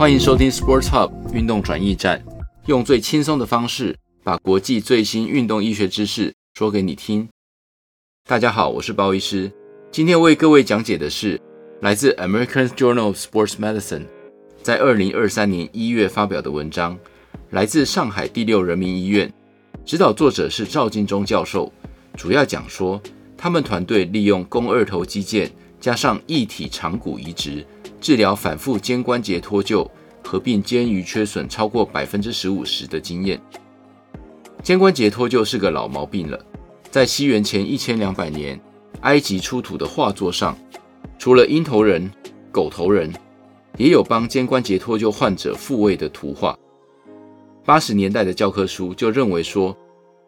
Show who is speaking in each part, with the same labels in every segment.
Speaker 1: 歡迎收聽 Sports Hub 運動轉驛站，用最輕鬆的方式，把國際最新運動醫學知識說給你聽。大家好，我是包醫師，今天為各位講解的是來自 American Journal of Sports Medicine，在二零二三年一月發表的文章，來自上海第六人民醫院，指導作者是趙金忠教授，主要講說他們團隊利用肱二頭肌腱加上異體腸骨移植。治療反覆肩關節脫臼合併肩盂缺損超過百分之十五時的經驗。肩關節脫臼是個老毛病了，在西元前一千兩百年，埃及出土的畫作上，除了鷹頭人、狗頭人，也有幫肩關節脫臼患者復位的圖畫。八十年代的教科書就認為說，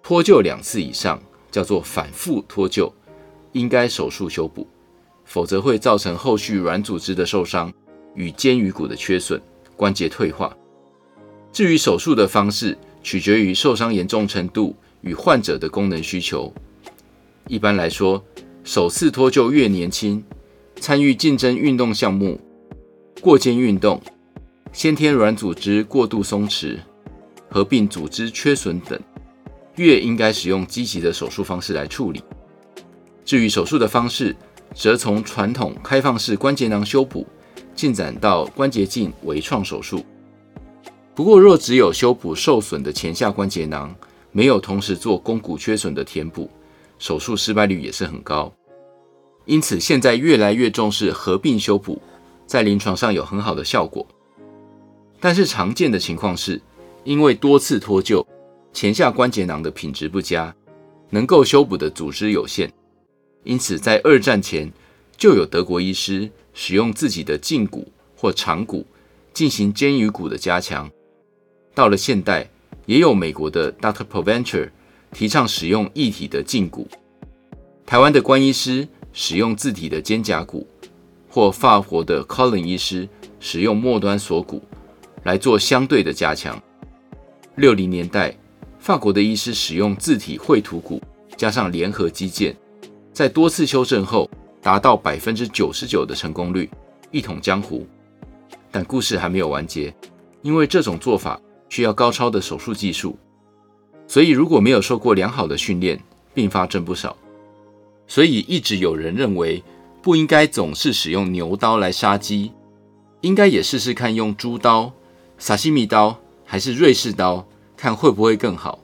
Speaker 1: 脫臼兩次以上叫做反覆脫臼，應該手術修補。否則會造成後續軟組織的受傷與肩盂骨的缺損、關節退化。至於手術的方式，取決於受傷嚴重程度與患者的功能需求。一般來說，首次脫臼越年輕、參與競爭運動項目、過肩運動、先天軟組織過度鬆弛、合併組織缺損等，越應該使用積極的手術方式來處理。至於手術的方式。則從傳統開放式關節囊修補進展到關節鏡微創手術。不過，若只有修補受損的前下關節囊，沒有同時做肱骨缺損的填補，手術失敗率也是很高。因此，現在越來越重視合併修補，在臨床上有很好的效果。但是，常見的情況是，因為多次脫臼，前下關節囊的品質不佳，能夠修補的組織有限。因此，在二戰前就有德國醫師使用自己的脛骨或腸骨進行肩盂骨的加強。到了現代，也有美國的 Dr. Provencher 提倡使用異體的脛骨；台灣的關醫師使用自體的肩胛骨；或法國的 Colin 醫師使用末端鎖骨來做相對的加強。六零年代，法國的醫師使用自體喙突骨加上聯合肌腱。在多次修正後，達到百分之九十九的成功率，一統江湖。但故事還沒有完結，因為這種做法需要高超的手術技術，所以如果沒有受過良好的訓練，併發症不少。所以一直有人認為，不應該總是使用牛刀來殺雞，應該也試試看用豬刀、薩西米刀還是瑞士刀，看會不會更好。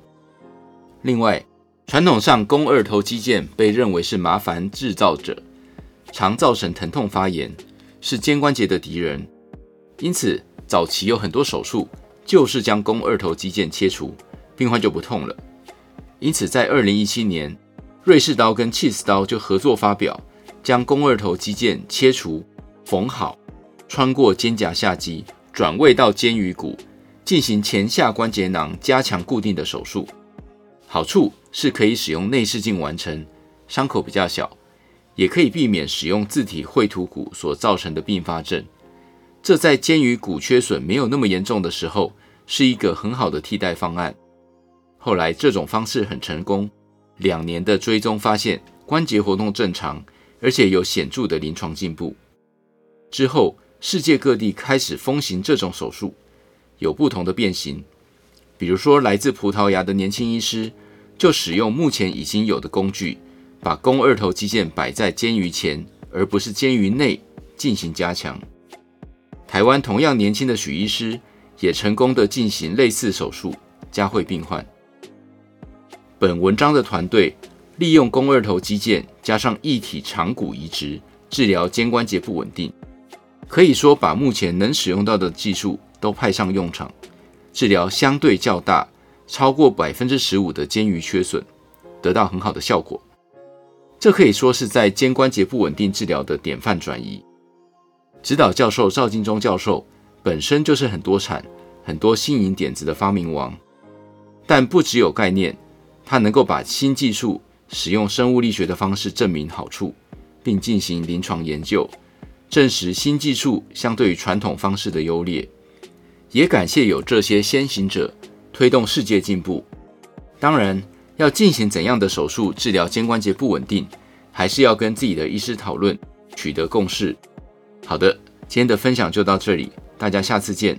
Speaker 1: 另外，傳統上，肱二頭肌腱被認為是麻煩製造者，常造成疼痛發炎，是肩關節的敵人。因此，早期有很多手術就是將肱二頭肌腱切除，病患就不痛了。因此，在二零一七年，瑞士刀跟 Cheese 刀就合作發表，將肱二頭肌腱切除、縫好，穿過肩胛下肌，轉位到肩盂骨，進行前下關節囊加強固定的手術。好處是可以使用內視鏡完成，傷口比較小，也可以避免使用自體喙突骨所造成的併發症。這在肩盂骨缺損沒有那麼嚴重的時候，是一個很好的替代方案。後來這種方式很成功，兩年的追蹤發現關節活動正常，而且有顯著的臨床進步。之後世界各地開始風行這種手術，有不同的變形。比如說，來自葡萄牙的年輕醫師就使用目前已經有的工具，把肱二頭肌腱擺在肩盂前，而不是肩盂內進行加強。台灣同樣年輕的許醫師也成功地進行類似手術，嘉惠病患。本文章的團隊利用肱二頭肌腱加上異體腸骨移植治療肩關節不穩定，可以說把目前能使用到的技術都派上用場。治療相對較大，超過百分之十五的肩盂缺損，得到很好的效果。這可以說是在肩關節不穩定治療的典範轉移。指導教授趙金忠教授本身就是很多產很多新穎點子的發明王，但不只有概念，他能夠把新技術使用生物力學的方式證明好處，並進行臨床研究，證實新技術相對於傳統方式的優劣。也感謝有這些先行者推動世界進步。當然，要進行怎樣的手術治療肩關節不穩定，還是要跟自己的醫師討論，取得共識。好的，今天的分享就到這裡，大家下次見。